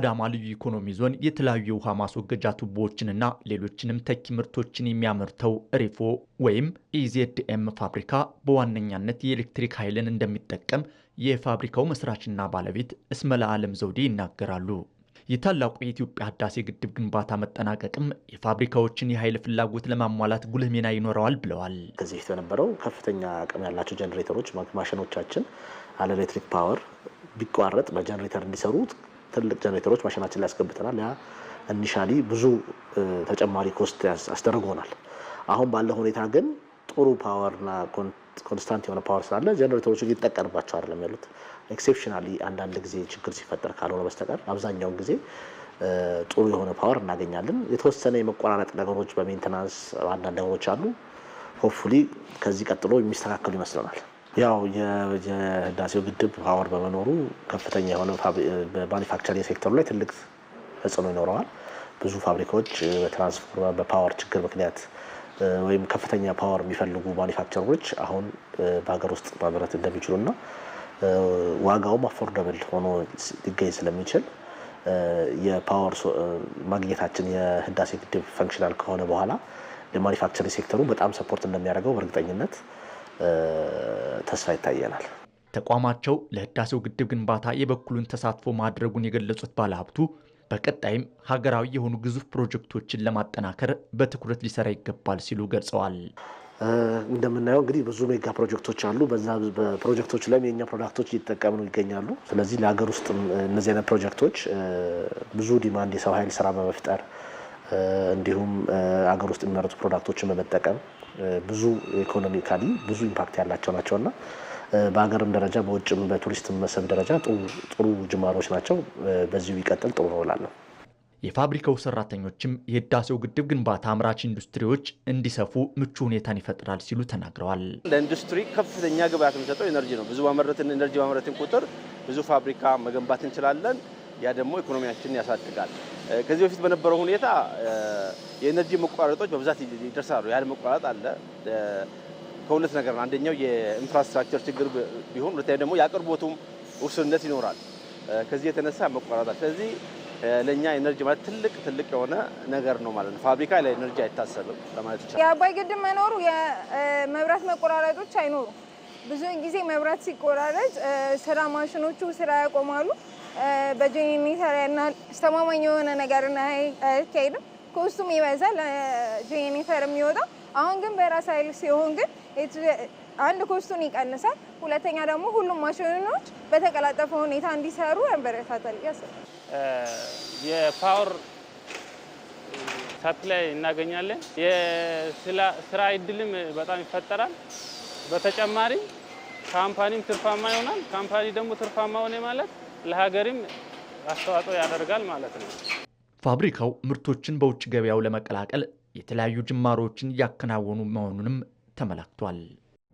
አዳማ ልዩ ኢኮኖሚ ዞን የተለያዩ የውሃ ማስወገጃ ቱቦዎችንና ሌሎችንም ተኪ ምርቶችን የሚያመርተው ሪፎ ወይም ኢዜድኤም ፋብሪካ በዋነኛነት የኤሌክትሪክ ኃይልን እንደሚጠቀም የፋብሪካው መስራችና ባለቤት እስመላ አለም ዘውዴ ይናገራሉ። የታላቁ የኢትዮጵያ ህዳሴ ግድብ ግንባታ መጠናቀቅም የፋብሪካዎችን የኃይል ፍላጎት ለማሟላት ጉልህ ሚና ይኖረዋል ብለዋል። ከዚህ የተነበረው ከፍተኛ አቅም ያላቸው ጀኔሬተሮች ማሽኖቻችን አለ ኤሌክትሪክ ፓወር ቢቋረጥ በጀኔሬተር እንዲሰሩት ትልቅ ጀኔሬተሮች ማሽናችን ላይ ያስገብተናል። ያ ኢኒሻሊ ብዙ ተጨማሪ ኮስት አስደርጎናል። አሁን ባለ ሁኔታ ግን ጥሩ ፓወርና ኮንስታንት የሆነ ፓወር ስላለ ጀኔሬተሮቹ ይጠቀምባቸው አይደለም ያሉት። ኤክሴፕሽናሊ አንዳንድ ጊዜ ችግር ሲፈጠር ካልሆነ በስተቀር አብዛኛውን ጊዜ ጥሩ የሆነ ፓወር እናገኛለን። የተወሰነ የመቆራረጥ ነገሮች በሜንተናንስ አንዳንድ ነገሮች አሉ። ሆፕፉሊ ከዚህ ቀጥሎ የሚስተካከሉ ይመስለናል። ያው የህዳሴው ግድብ ፓወር በመኖሩ ከፍተኛ የሆነ በማኒፋክቸሪንግ ሴክተሩ ላይ ትልቅ ተጽዕኖ ይኖረዋል። ብዙ ፋብሪካዎች በትራንስፎርመር በፓወር ችግር ምክንያት ወይም ከፍተኛ ፓወር የሚፈልጉ ማኒፋክቸሮች አሁን በሀገር ውስጥ ማምረት እንደሚችሉና ዋጋውም አፎርደብል ሆኖ ሊገኝ ስለሚችል የፓወር ማግኘታችን የህዳሴ ግድብ ፈንክሽናል ከሆነ በኋላ ለማኒፋክቸሪንግ ሴክተሩ በጣም ሰፖርት እንደሚያደርገው በእርግጠኝነት ተስፋ ይታየናል። ተቋማቸው ለህዳሴው ግድብ ግንባታ የበኩሉን ተሳትፎ ማድረጉን የገለጹት ባለሀብቱ በቀጣይም ሀገራዊ የሆኑ ግዙፍ ፕሮጀክቶችን ለማጠናከር በትኩረት ሊሰራ ይገባል ሲሉ ገልጸዋል። እንደምናየው እንግዲህ ብዙ ሜጋ ፕሮጀክቶች አሉ። በዛ በፕሮጀክቶች ላይም የኛ ፕሮዳክቶች እየተጠቀሙ ነው ይገኛሉ። ስለዚህ ለሀገር ውስጥም እነዚህ አይነት ፕሮጀክቶች ብዙ ዲማንድ የሰው ኃይል ስራ በመፍጠር እንዲሁም አገር ውስጥ የሚመረቱ ፕሮዳክቶችን በመጠቀም ብዙ ኢኮኖሚካሊ ብዙ ኢምፓክት ያላቸው ናቸው እና በሀገርም ደረጃ በውጭም በቱሪስት መሰብ ደረጃ ጥሩ ጅማሮች ናቸው። በዚሁ ቢቀጥል ጥሩ ነው እላለሁ። የፋብሪካው ሰራተኞችም የህዳሴው ግድብ ግንባታ አምራች ኢንዱስትሪዎች እንዲሰፉ ምቹ ሁኔታን ይፈጥራል ሲሉ ተናግረዋል። ለኢንዱስትሪ ከፍተኛ ግብዓት የሚሰጠው ኤነርጂ ነው። ብዙ ማምረትን ኤነርጂ ባመረትን ቁጥር ብዙ ፋብሪካ መገንባት እንችላለን። ያ ደግሞ ኢኮኖሚያችንን ያሳድጋል። ከዚህ በፊት በነበረው ሁኔታ የኤነርጂ መቋረጦች በብዛት ይደርሳሉ። ያህል መቋረጥ አለ ከሁለት ነገር ነው። አንደኛው የኢንፍራስትራክቸር ችግር ቢሆን፣ ሁለተኛ ደግሞ የአቅርቦቱም ውስንነት ይኖራል። ከዚህ የተነሳ መቋረጣል። ስለዚህ ለእኛ ኤነርጂ ማለት ትልቅ ትልቅ የሆነ ነገር ነው ማለት ነው። ፋብሪካ ለኤነርጂ አይታሰብም ለማለት ይቻላል። የአባይ ግድብ መኖሩ የመብራት መቆራረጦች አይኖሩም። ብዙ ጊዜ መብራት ሲቆራረጥ ስራ ማሽኖቹ ስራ ያቆማሉ። በጆኒ አስተማማኝ የሆነ ነገር አይካሄድም። ኮስቱም ይበዛል ጄኒፈር የሚወጣው አሁን ግን በራስ ኃይል ሲሆን ግን አንድ ኮስቱን ይቀንሳል። ሁለተኛ ደግሞ ሁሉም ማሽኖች በተቀላጠፈ ሁኔታ እንዲሰሩ ያበረታታል። ያስ የፓወር ሳፕላይ እናገኛለን። የስራ እድልም በጣም ይፈጠራል። በተጨማሪ ካምፓኒም ትርፋማ ይሆናል። ካምፓኒ ደግሞ ትርፋማ ሆነ ማለት ለሀገርም አስተዋጽኦ ያደርጋል ማለት ነው። ፋብሪካው ምርቶችን በውጭ ገበያው ለመቀላቀል የተለያዩ ጅማሮችን እያከናወኑ መሆኑንም ተመላክቷል።